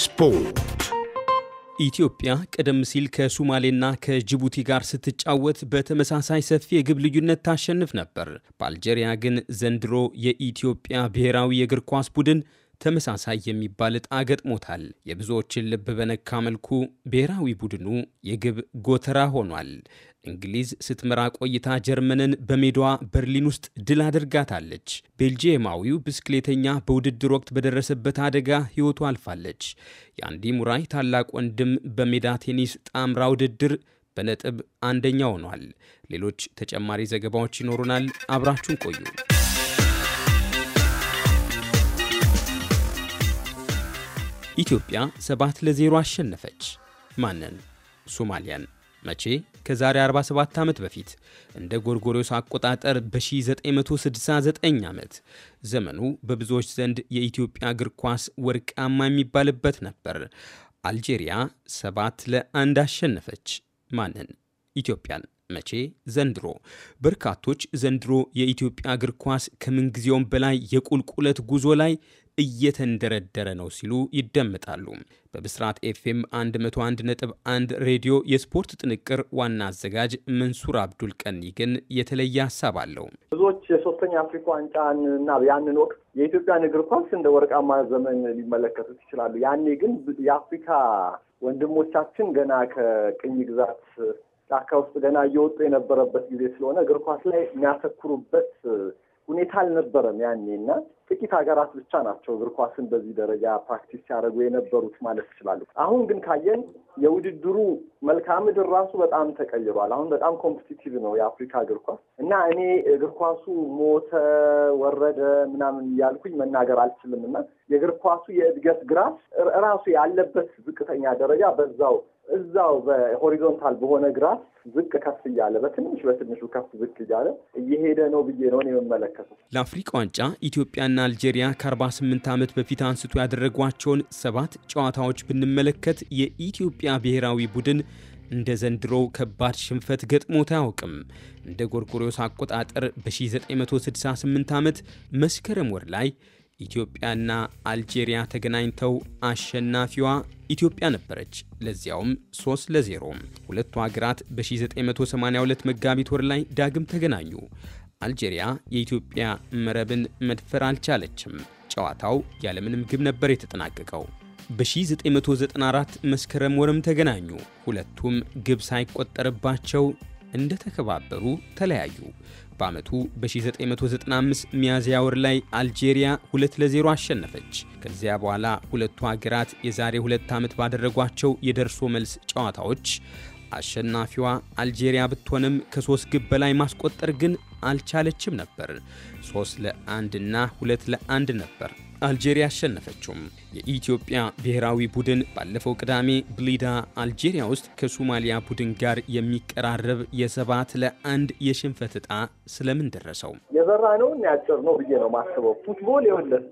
ስፖርት ኢትዮጵያ ቀደም ሲል ከሱማሌና ከጅቡቲ ጋር ስትጫወት በተመሳሳይ ሰፊ የግብ ልዩነት ታሸንፍ ነበር። በአልጄሪያ ግን ዘንድሮ የኢትዮጵያ ብሔራዊ የእግር ኳስ ቡድን ተመሳሳይ የሚባል ዕጣ ገጥሞታል። የብዙዎችን ልብ በነካ መልኩ ብሔራዊ ቡድኑ የግብ ጎተራ ሆኗል። እንግሊዝ ስትመራ ቆይታ ጀርመንን በሜዳዋ በርሊን ውስጥ ድል አድርጋታለች። ቤልጂየማዊው ብስክሌተኛ በውድድር ወቅት በደረሰበት አደጋ ሕይወቱ አልፋለች። የአንዲ ሙራይ ታላቅ ወንድም በሜዳ ቴኒስ ጣምራ ውድድር በነጥብ አንደኛ ሆኗል። ሌሎች ተጨማሪ ዘገባዎች ይኖሩናል። አብራችሁን ቆዩ። ኢትዮጵያ ሰባት ለዜሮ አሸነፈች። ማንን? ሶማሊያን። መቼ? ከዛሬ 47 ዓመት በፊት እንደ ጎርጎሮስ አቆጣጠር በ1969 ዓመት ዘመኑ በብዙዎች ዘንድ የኢትዮጵያ እግር ኳስ ወርቃማ የሚባልበት ነበር። አልጄሪያ ሰባት ለአንድ አሸነፈች። ማንን? ኢትዮጵያን። መቼ? ዘንድሮ። በርካቶች ዘንድሮ የኢትዮጵያ እግር ኳስ ከምንጊዜውም በላይ የቁልቁለት ጉዞ ላይ እየተንደረደረ ነው ሲሉ ይደመጣሉ። በብስራት ኤፍኤም 1 ሬዲዮ የስፖርት ጥንቅር ዋና አዘጋጅ መንሱር አብዱል ቀኒ ግን የተለየ ሀሳብ አለው። ብዙዎች የሶስተኛ አፍሪካ ዋንጫን እና ያንን ወቅት የኢትዮጵያን እግር ኳስ እንደ ወርቃማ ዘመን ሊመለከቱት ይችላሉ። ያኔ ግን የአፍሪካ ወንድሞቻችን ገና ከቅኝ ግዛት ጫካ ውስጥ ገና እየወጡ የነበረበት ጊዜ ስለሆነ እግር ኳስ ላይ የሚያተኩሩበት ሁኔታ አልነበረም ያኔ እና ጥቂት ሀገራት ብቻ ናቸው እግር ኳስን በዚህ ደረጃ ፕራክቲስ ሲያደርጉ የነበሩት ማለት ይችላሉ። አሁን ግን ካየን የውድድሩ መልክዓ ምድር ራሱ በጣም ተቀይሯል። አሁን በጣም ኮምፒቲቲቭ ነው የአፍሪካ እግር ኳስ እና እኔ እግር ኳሱ ሞተ፣ ወረደ ምናምን እያልኩኝ መናገር አልችልም እና የእግር ኳሱ የእድገት ግራፍ ራሱ ያለበት ዝቅተኛ ደረጃ በዛው እዛው በሆሪዞንታል በሆነ ግራፍ ዝቅ ከፍ እያለ በትንሽ በትንሹ ከፍ ዝቅ እያለ እየሄደ ነው ብዬ ነው የምመለከተው። ለአፍሪቃ ዋንጫ ኢትዮጵያና አልጄሪያ ከ48 ዓመት በፊት አንስቶ ያደረጓቸውን ሰባት ጨዋታዎች ብንመለከት የኢትዮጵያ ብሔራዊ ቡድን እንደ ዘንድሮ ከባድ ሽንፈት ገጥሞት አያውቅም። እንደ ጎርጎሪዮስ አቆጣጠር በ1968 ዓመት መስከረም ወር ላይ ኢትዮጵያና አልጄሪያ ተገናኝተው አሸናፊዋ ኢትዮጵያ ነበረች። ለዚያውም 3 ለ0 ሁለቱ ሀገራት በ1982 መጋቢት ወር ላይ ዳግም ተገናኙ። አልጄሪያ የኢትዮጵያ መረብን መድፈር አልቻለችም። ጨዋታው ያለምንም ግብ ነበር የተጠናቀቀው። በ1994 መስከረም ወርም ተገናኙ። ሁለቱም ግብ ሳይቆጠርባቸው እንደተከባበሩ ተለያዩ። በዓመቱ በ1995 ሚያዝያ ወር ላይ አልጄሪያ 2 ለ0 አሸነፈች። ከዚያ በኋላ ሁለቱ አገራት የዛሬ ሁለት ዓመት ባደረጓቸው የደርሶ መልስ ጨዋታዎች አሸናፊዋ አልጄሪያ ብትሆንም ከሶስት ግብ በላይ ማስቆጠር ግን አልቻለችም ነበር። ሶስት ለአንድ እና ሁለት ለአንድ ነበር አልጄሪያ አሸነፈችውም። የኢትዮጵያ ብሔራዊ ቡድን ባለፈው ቅዳሜ ብሊዳ አልጄሪያ ውስጥ ከሶማሊያ ቡድን ጋር የሚቀራረብ የሰባት ለአንድ የሽንፈት ዕጣ ስለምን ደረሰው? የዘራ ነው ያጭር ነው ብዬ ነው ማስበው። ፉትቦል ይኸውልህ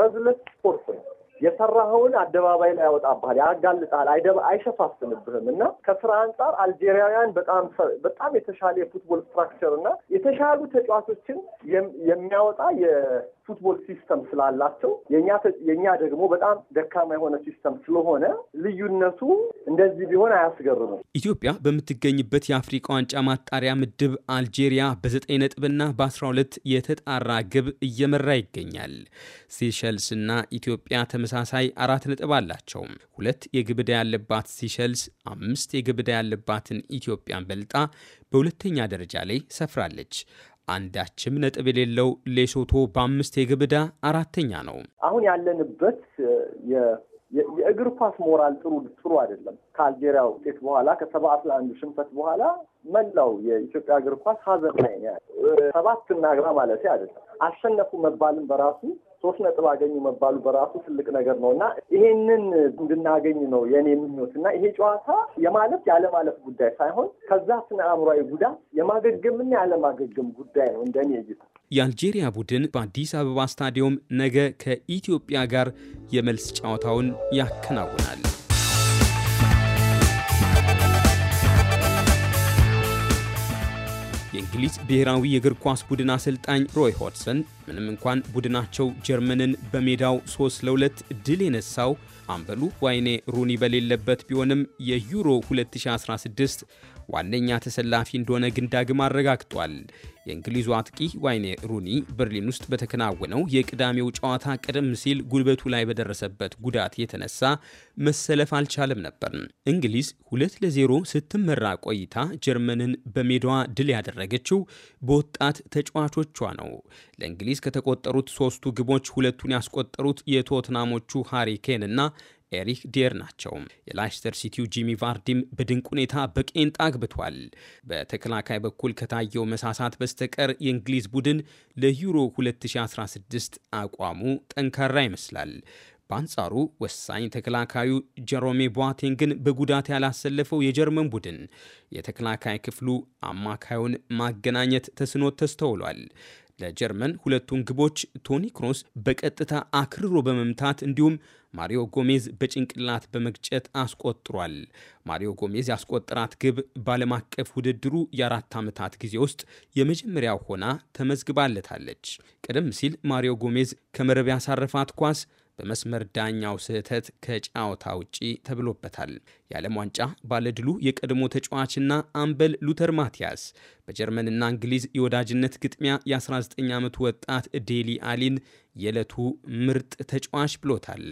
ረዝለት ስፖርት ነው የሰራኸውን አደባባይ ላይ ያወጣብሃል፣ ያጋልጣል፣ አይሸፋፍንብህም እና ከስራ አንጻር አልጄሪያውያን በጣም በጣም የተሻለ የፉትቦል ስትራክቸር እና የተሻሉ ተጫዋቾችን የሚያወጣ የፉትቦል ሲስተም ስላላቸው የእኛ ደግሞ በጣም ደካማ የሆነ ሲስተም ስለሆነ ልዩነቱ እንደዚህ ቢሆን አያስገርምም። ኢትዮጵያ በምትገኝበት የአፍሪቃ ዋንጫ ማጣሪያ ምድብ አልጄሪያ በዘጠኝ ነጥብና በአስራ ሁለት የተጣራ ግብ እየመራ ይገኛል። ሴሸልስና ኢትዮጵያ ተመ ተመሳሳይ አራት ነጥብ አላቸው። ሁለት የግብዳ ያለባት ሲሸልስ አምስት የግብዳ ያለባትን ኢትዮጵያን በልጣ በሁለተኛ ደረጃ ላይ ሰፍራለች። አንዳችም ነጥብ የሌለው ሌሶቶ በአምስት የግብዳ አራተኛ ነው። አሁን ያለንበት የእግር ኳስ ሞራል ጥሩ ጥሩ አይደለም። ከአልጄሪያ ውጤት በኋላ ከሰባ ለአንዱ ሽንፈት በኋላ መላው የኢትዮጵያ እግር ኳስ ሀዘን ላይ ሰባት እናግራ ማለት አይደለም። አሸነፉ መባልን በራሱ ሶስት ነጥብ አገኙ መባሉ በራሱ ትልቅ ነገር ነው እና ይሄንን እንድናገኝ ነው የኔ ምኞት እና ይሄ ጨዋታ የማለፍ ያለማለፍ ጉዳይ ሳይሆን ከዛ ስነ አእምሯዊ ጉዳት የማገገምና ያለማገገም ጉዳይ ነው እንደኔ እይታ። የአልጄሪያ ቡድን በአዲስ አበባ ስታዲየም ነገ ከኢትዮጵያ ጋር የመልስ ጨዋታውን ያከናውናል። የእንግሊዝ ብሔራዊ የእግር ኳስ ቡድን አሰልጣኝ ሮይ ሆድሰን ምንም እንኳን ቡድናቸው ጀርመንን በሜዳው 3 ለሁለት ድል የነሳው አምበሉ ዋይኔ ሩኒ በሌለበት ቢሆንም የዩሮ 2016 ዋነኛ ተሰላፊ እንደሆነ ግን ዳግም አረጋግጧል። የእንግሊዙ አጥቂ ዋይኔ ሩኒ በርሊን ውስጥ በተከናወነው የቅዳሜው ጨዋታ ቀደም ሲል ጉልበቱ ላይ በደረሰበት ጉዳት የተነሳ መሰለፍ አልቻለም ነበር። እንግሊዝ ሁለት ለዜሮ ስትመራ ቆይታ ጀርመንን በሜዳዋ ድል ያደረገችው በወጣት ተጫዋቾቿ ነው። ለእንግሊዝ ከተቆጠሩት ሶስቱ ግቦች ሁለቱን ያስቆጠሩት የቶትናሞቹ ሃሪ ኬን እና ኤሪክ ዲየር ናቸው። የላይስተር ሲቲው ጂሚ ቫርዲም በድንቅ ሁኔታ በቄንጣ አግብቷል። በተከላካይ በኩል ከታየው መሳሳት በስተቀር የእንግሊዝ ቡድን ለዩሮ 2016 አቋሙ ጠንካራ ይመስላል። በአንጻሩ ወሳኝ ተከላካዩ ጀሮሜ ቧቴንግን በጉዳት ያላሰለፈው የጀርመን ቡድን የተከላካይ ክፍሉ አማካዩን ማገናኘት ተስኖት ተስተውሏል። ለጀርመን ሁለቱን ግቦች ቶኒ ክሮስ በቀጥታ አክርሮ በመምታት እንዲሁም ማሪዮ ጎሜዝ በጭንቅላት በመግጨት አስቆጥሯል። ማሪዮ ጎሜዝ ያስቆጠራት ግብ በዓለም አቀፍ ውድድሩ የአራት ዓመታት ጊዜ ውስጥ የመጀመሪያው ሆና ተመዝግባለታለች። ቀደም ሲል ማሪዮ ጎሜዝ ከመረብ ያሳረፋት ኳስ በመስመር ዳኛው ስህተት ከጨዋታ ውጪ ተብሎበታል። የዓለም ዋንጫ ባለድሉ የቀድሞ ተጫዋችና አምበል ሉተር ማቲያስ በጀርመንና እንግሊዝ የወዳጅነት ግጥሚያ የ19 ዓመቱ ወጣት ዴሊ አሊን የዕለቱ ምርጥ ተጫዋች ብሎታል።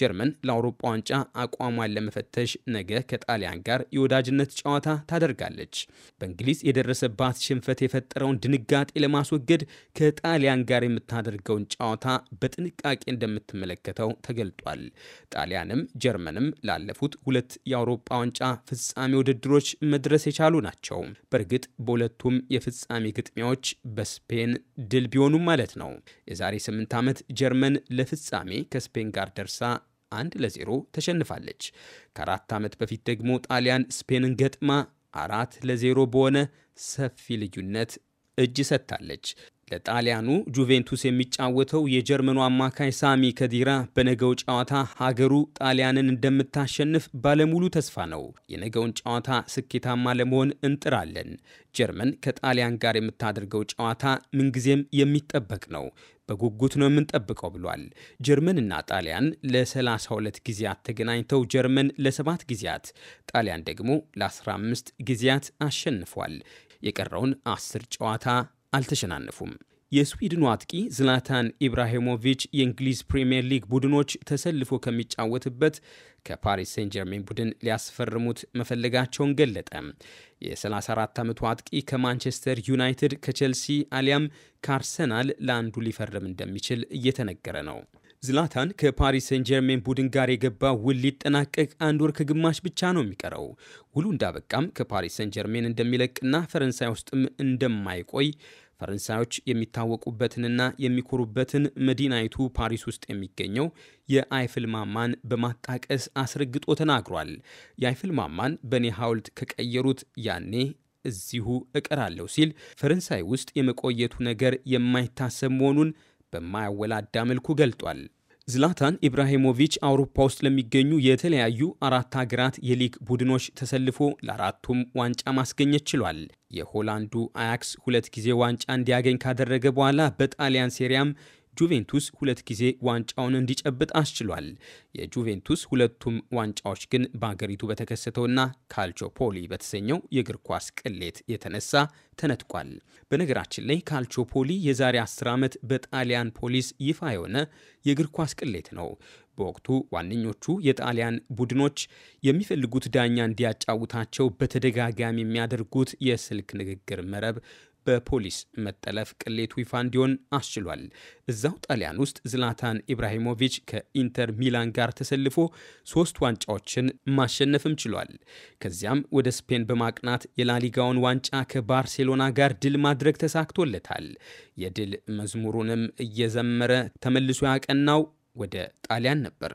ጀርመን ለአውሮፓ ዋንጫ አቋሟን ለመፈተሽ ነገ ከጣሊያን ጋር የወዳጅነት ጨዋታ ታደርጋለች። በእንግሊዝ የደረሰባት ሽንፈት የፈጠረውን ድንጋጤ ለማስወገድ ከጣሊያን ጋር የምታደርገውን ጨዋታ በጥንቃቄ እንደምትመለከተው ተገልጧል። ጣሊያንም ጀርመንም ላለፉት ሁለት የአውሮፓ ዋንጫ ፍጻሜ ውድድሮች መድረስ የቻሉ ናቸው። በእርግጥ በሁለቱም የፍጻሜ ግጥሚያዎች በስፔን ድል ቢሆኑም ማለት ነው የዛሬ ስምንት ዓመት ዓመት ጀርመን ለፍጻሜ ከስፔን ጋር ደርሳ አንድ ለዜሮ ተሸንፋለች። ከአራት ዓመት በፊት ደግሞ ጣሊያን ስፔንን ገጥማ አራት ለዜሮ በሆነ ሰፊ ልዩነት እጅ ሰጥታለች። ለጣሊያኑ ጁቬንቱስ የሚጫወተው የጀርመኑ አማካይ ሳሚ ከዲራ በነገው ጨዋታ ሀገሩ ጣሊያንን እንደምታሸንፍ ባለሙሉ ተስፋ ነው። የነገውን ጨዋታ ስኬታማ ለመሆን እንጥራለን። ጀርመን ከጣሊያን ጋር የምታደርገው ጨዋታ ምንጊዜም የሚጠበቅ ነው። በጉጉት ነው የምንጠብቀው ብሏል። ጀርመንና ጣሊያን ለ32 ጊዜያት ተገናኝተው ጀርመን ለ7 ጊዜያት፣ ጣሊያን ደግሞ ለ15 ጊዜያት አሸንፏል። የቀረውን አስር ጨዋታ አልተሸናነፉም። የስዊድኑ አጥቂ ዝላታን ኢብራሂሞቪች የእንግሊዝ ፕሪምየር ሊግ ቡድኖች ተሰልፎ ከሚጫወትበት ከፓሪስ ሴን ጀርሜን ቡድን ሊያስፈርሙት መፈለጋቸውን ገለጠ። የ34 ዓመቱ አጥቂ ከማንቸስተር ዩናይትድ፣ ከቼልሲ አሊያም ከአርሰናል ለአንዱ ሊፈርም እንደሚችል እየተነገረ ነው። ዝላታን ከፓሪስ ሴን ጀርሜን ቡድን ጋር የገባ ውል ሊጠናቀቅ አንድ ወር ከግማሽ ብቻ ነው የሚቀረው። ውሉ እንዳበቃም ከፓሪስ ሴን ጀርሜን እንደሚለቅና ፈረንሳይ ውስጥም እንደማይቆይ ፈረንሳዮች የሚታወቁበትንና የሚኮሩበትን መዲናይቱ ፓሪስ ውስጥ የሚገኘው የአይፍል ማማን በማጣቀስ አስረግጦ ተናግሯል። የአይፍል ማማን በእኔ ሐውልት ከቀየሩት ያኔ እዚሁ እቀራለሁ ሲል ፈረንሳይ ውስጥ የመቆየቱ ነገር የማይታሰብ መሆኑን በማያወላዳ መልኩ ገልጧል። ዝላታን ኢብራሂሞቪች አውሮፓ ውስጥ ለሚገኙ የተለያዩ አራት ሀገራት የሊግ ቡድኖች ተሰልፎ ለአራቱም ዋንጫ ማስገኘት ችሏል። የሆላንዱ አያክስ ሁለት ጊዜ ዋንጫ እንዲያገኝ ካደረገ በኋላ በጣሊያን ሴሪያም ጁቬንቱስ ሁለት ጊዜ ዋንጫውን እንዲጨብጥ አስችሏል። የጁቬንቱስ ሁለቱም ዋንጫዎች ግን በአገሪቱ በተከሰተውና ካልቾፖሊ በተሰኘው የእግር ኳስ ቅሌት የተነሳ ተነጥቋል። በነገራችን ላይ ካልቾፖሊ የዛሬ 10 ዓመት በጣሊያን ፖሊስ ይፋ የሆነ የእግር ኳስ ቅሌት ነው። በወቅቱ ዋነኞቹ የጣሊያን ቡድኖች የሚፈልጉት ዳኛ እንዲያጫውታቸው በተደጋጋሚ የሚያደርጉት የስልክ ንግግር መረብ በፖሊስ መጠለፍ ቅሌቱ ይፋ እንዲሆን አስችሏል። እዛው ጣሊያን ውስጥ ዝላታን ኢብራሂሞቪች ከኢንተር ሚላን ጋር ተሰልፎ ሶስት ዋንጫዎችን ማሸነፍም ችሏል። ከዚያም ወደ ስፔን በማቅናት የላሊጋውን ዋንጫ ከባርሴሎና ጋር ድል ማድረግ ተሳክቶለታል። የድል መዝሙሩንም እየዘመረ ተመልሶ ያቀናው ወደ ጣሊያን ነበር።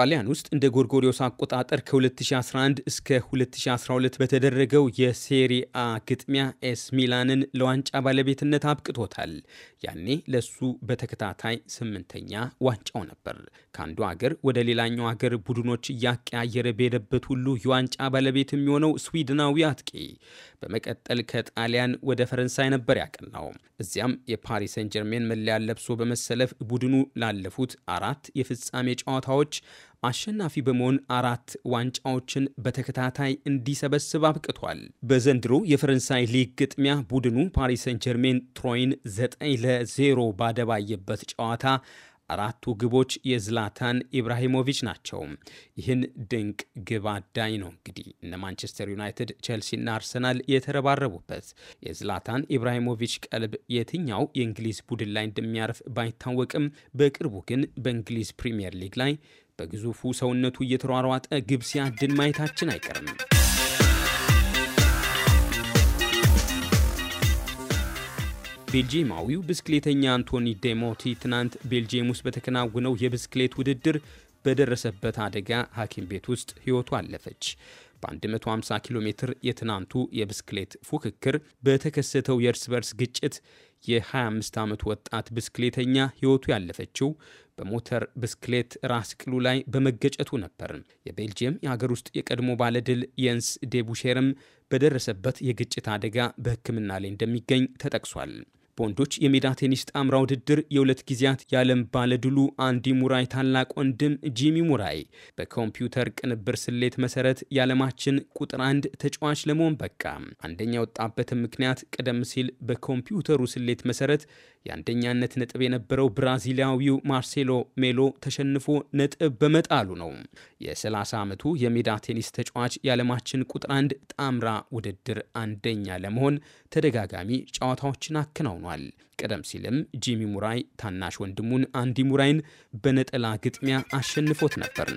ጣሊያን ውስጥ እንደ ጎርጎሪዮስ አቆጣጠር ከ2011 እስከ 2012 በተደረገው የሴሪአ ግጥሚያ ኤስ ሚላንን ለዋንጫ ባለቤትነት አብቅቶታል። ያኔ ለሱ በተከታታይ ስምንተኛ ዋንጫው ነበር። ከአንዱ አገር ወደ ሌላኛው አገር ቡድኖች እያቀያየረ በሄደበት ሁሉ የዋንጫ ባለቤት የሚሆነው ስዊድናዊ አጥቂ በመቀጠል ከጣሊያን ወደ ፈረንሳይ ነበር ያቀናው። እዚያም የፓሪስ ጀርሜን መለያ ለብሶ በመሰለፍ ቡድኑ ላለፉት አራት የፍጻሜ ጨዋታዎች አሸናፊ በመሆን አራት ዋንጫዎችን በተከታታይ እንዲሰበስብ አብቅቷል። በዘንድሮ የፈረንሳይ ሊግ ግጥሚያ ቡድኑ ፓሪስ ሰን ጀርሜን ትሮይን 9 ለዜሮ ባደባየበት ጨዋታ አራቱ ግቦች የዝላታን ኢብራሂሞቪች ናቸው። ይህን ድንቅ ግብ አዳኝ ነው እንግዲህ እነ ማንቸስተር ዩናይትድ፣ ቼልሲና አርሰናል የተረባረቡበት። የዝላታን ኢብራሂሞቪች ቀልብ የትኛው የእንግሊዝ ቡድን ላይ እንደሚያርፍ ባይታወቅም በቅርቡ ግን በእንግሊዝ ፕሪምየር ሊግ ላይ በግዙፉ ሰውነቱ እየተሯሯጠ ግብ ሲያድን ማየታችን አይቀርም። ቤልጂየማዊው ብስክሌተኛ አንቶኒ ዴሞቲ ትናንት ቤልጂየም ውስጥ በተከናወነው የብስክሌት ውድድር በደረሰበት አደጋ ሐኪም ቤት ውስጥ ሕይወቱ አለፈች። በ150 ኪሎ ሜትር የትናንቱ የብስክሌት ፉክክር በተከሰተው የእርስ በርስ ግጭት የ25 ዓመት ወጣት ብስክሌተኛ ሕይወቱ ያለፈችው በሞተር ብስክሌት ራስ ቅሉ ላይ በመገጨቱ ነበር። የቤልጅየም የሀገር ውስጥ የቀድሞ ባለድል የንስ ዴቡሼርም በደረሰበት የግጭት አደጋ በሕክምና ላይ እንደሚገኝ ተጠቅሷል። በወንዶች የሜዳ ቴኒስ ጣምራ ውድድር የሁለት ጊዜያት የዓለም ባለድሉ አንዲ ሙራይ ታላቅ ወንድም ጂሚ ሙራይ በኮምፒውተር ቅንብር ስሌት መሰረት የዓለማችን ቁጥር አንድ ተጫዋች ለመሆን በቃ። አንደኛ የወጣበትን ምክንያት ቀደም ሲል በኮምፒውተሩ ስሌት መሰረት የአንደኛነት ነጥብ የነበረው ብራዚላዊው ማርሴሎ ሜሎ ተሸንፎ ነጥብ በመጣሉ ነው። የ30 ዓመቱ የሜዳ ቴኒስ ተጫዋች የዓለማችን ቁጥር አንድ ጣምራ ውድድር አንደኛ ለመሆን ተደጋጋሚ ጨዋታዎችን አከናውኗል። ሆኗል። ቀደም ሲልም ጂሚ ሙራይ ታናሽ ወንድሙን አንዲ ሙራይን በነጠላ ግጥሚያ አሸንፎት ነበር።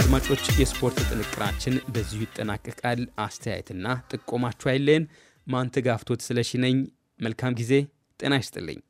አድማጮች፣ የስፖርት ጥንቅራችን በዚሁ ይጠናቀቃል። አስተያየትና ጥቆማችሁ አይለን። ማንተጋፍቶት ስለሺ ነኝ። መልካም ጊዜ። ጤና ይስጥልኝ።